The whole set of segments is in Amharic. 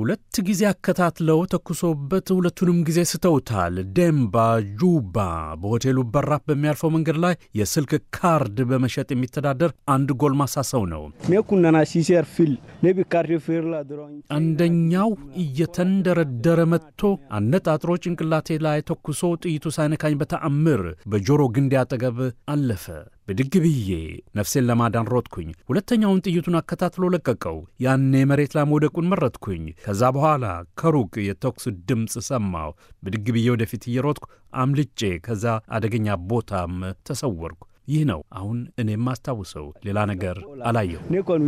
ሁለት ጊዜ አከታትለው ተኩሶበት ሁለቱንም ጊዜ ስተውታል። ደምባ ጁባ በሆቴሉ በራፍ በሚያልፈው መንገድ ላይ የስልክ ካርድ በመሸጥ የሚተዳደር አንድ ጎልማሳ ሰው ነው። አንደኛው እየተንደረደረ መጥቶ አነጣጥሮ ጭንቅላቴ ላይ ተኩሶ ጥይቱ ሳይነካኝ በተአምር በጆሮ ግንዴ አጠገብ አለፈ። ብድግ ብዬ ነፍሴን ለማዳን ሮጥኩኝ። ሁለተኛውን ጥይቱን አከታትሎ ለቀቀው። ያኔ መሬት ላይ መውደቁን መረጥኩኝ። ከዛ በኋላ ከሩቅ የተኩስ ድምፅ ሰማሁ። ብድግ ብዬ ወደፊት እየሮጥኩ አምልጬ ከዛ አደገኛ ቦታም ተሰወርኩ። ይህ ነው አሁን እኔ ማስታውሰው። ሌላ ነገር አላየውነፍሱን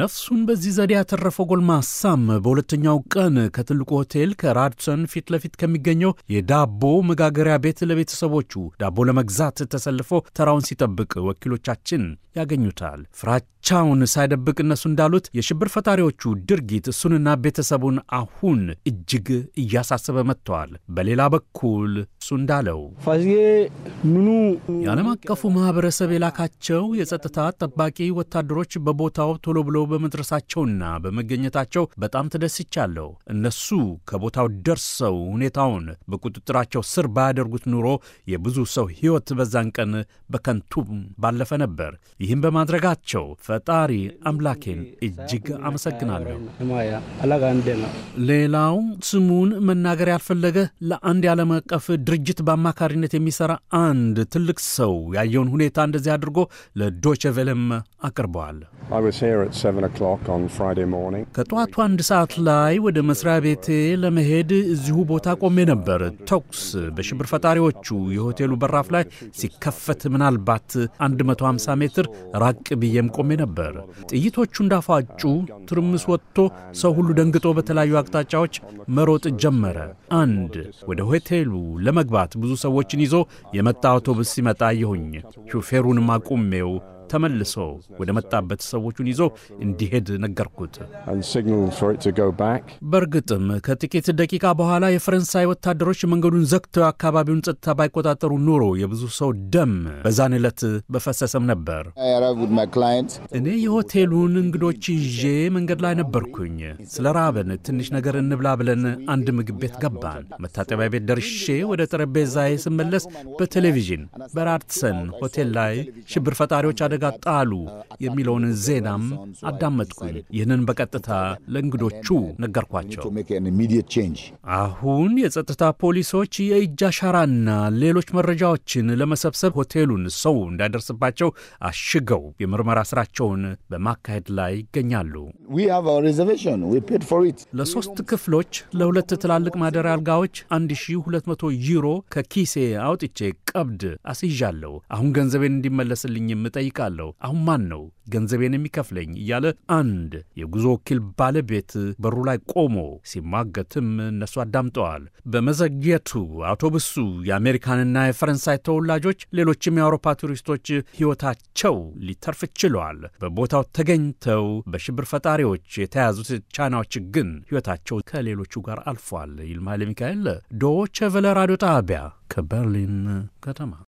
ነፍሱን በዚህ ዘዴ ያተረፈው ጎልማሳም በሁለተኛው ቀን ከትልቁ ሆቴል ከራድሰን ፊት ለፊት ከሚገኘው የዳቦ መጋገሪያ ቤት ለቤተሰቦቹ ዳቦ ለመግዛት ተሰልፎ ተራውን ሲጠብቅ ወኪሎቻችን ያገኙታል። ፍራቻ ብቻውን ሳይደብቅ እነሱ እንዳሉት የሽብር ፈጣሪዎቹ ድርጊት እሱንና ቤተሰቡን አሁን እጅግ እያሳሰበ መጥተዋል። በሌላ በኩል እሱ እንዳለው ምኑ የዓለም አቀፉ ማህበረሰብ የላካቸው የጸጥታ ጠባቂ ወታደሮች በቦታው ቶሎ ብለው በመድረሳቸውና በመገኘታቸው በጣም ተደስቻለሁ። እነሱ ከቦታው ደርሰው ሁኔታውን በቁጥጥራቸው ስር ባያደርጉት ኑሮ የብዙ ሰው ሕይወት በዛን ቀን በከንቱ ባለፈ ነበር። ይህም በማድረጋቸው ፈጣሪ አምላኬን እጅግ አመሰግናለሁ። ሌላው ስሙን መናገር ያልፈለገ ለአንድ የዓለም አቀፍ ድርጅት በአማካሪነት የሚሠራ አንድ ትልቅ ሰው ያየውን ሁኔታ እንደዚህ አድርጎ ለዶቸቬለም አቅርበዋል። ከጠዋቱ አንድ ሰዓት ላይ ወደ መስሪያ ቤቴ ለመሄድ እዚሁ ቦታ ቆሜ ነበር። ተኩስ በሽብር ፈጣሪዎቹ የሆቴሉ በራፍ ላይ ሲከፈት ምናልባት 150 ሜትር ራቅ ብዬም ቆሜ ነበር። ጥይቶቹ እንዳፏጩ ትርምስ ወጥቶ ሰው ሁሉ ደንግጦ በተለያዩ አቅጣጫዎች መሮጥ ጀመረ። አንድ ወደ ሆቴሉ ለመግባት ብዙ ሰዎችን ይዞ የመጣ አውቶቡስ ሲመጣ አየሁኝ። ሹፌሩንም አቁሜው ተመልሶ ወደ መጣበት ሰዎቹን ይዞ እንዲሄድ ነገርኩት። በእርግጥም ከጥቂት ደቂቃ በኋላ የፈረንሳይ ወታደሮች መንገዱን ዘግተው አካባቢውን ጸጥታ ባይቆጣጠሩ ኖሮ የብዙ ሰው ደም በዛን ዕለት በፈሰሰም ነበር። እኔ የሆቴሉን እንግዶች ይዤ መንገድ ላይ ነበርኩኝ። ስለ ራበን ትንሽ ነገር እንብላ ብለን አንድ ምግብ ቤት ገባን። መታጠቢያ ቤት ደርሼ ወደ ጠረጴዛዬ ስመለስ በቴሌቪዥን በራድሰን ሆቴል ላይ ሽብር ፈጣሪዎች አደ አደጋ ጣሉ የሚለውን ዜናም አዳመጥኩኝ። ይህንን በቀጥታ ለእንግዶቹ ነገርኳቸው። አሁን የጸጥታ ፖሊሶች የእጅ አሻራና ሌሎች መረጃዎችን ለመሰብሰብ ሆቴሉን ሰው እንዳይደርስባቸው አሽገው የምርመራ ስራቸውን በማካሄድ ላይ ይገኛሉ። ለሶስት ክፍሎች ለሁለት ትላልቅ ማደሪያ አልጋዎች 1200 ዩሮ ከኪሴ አውጥቼ ቀብድ አስይዣለሁ። አሁን ገንዘቤን እንዲመለስልኝም እጠይቃለሁ። እችላለሁ። አሁን ማን ነው ገንዘቤን የሚከፍለኝ? እያለ አንድ የጉዞ ወኪል ባለቤት በሩ ላይ ቆሞ ሲማገትም እነሱ አዳምጠዋል። በመዘግየቱ አውቶቡሱ የአሜሪካንና የፈረንሳይ ተወላጆች፣ ሌሎችም የአውሮፓ ቱሪስቶች ሕይወታቸው ሊተርፍ ችሏል። በቦታው ተገኝተው በሽብር ፈጣሪዎች የተያዙት ቻይናዎች ግን ሕይወታቸው ከሌሎቹ ጋር አልፏል። ይልማ ኃይለ ሚካኤል ዶቼ ቬለ ራዲዮ ጣቢያ ከበርሊን ከተማ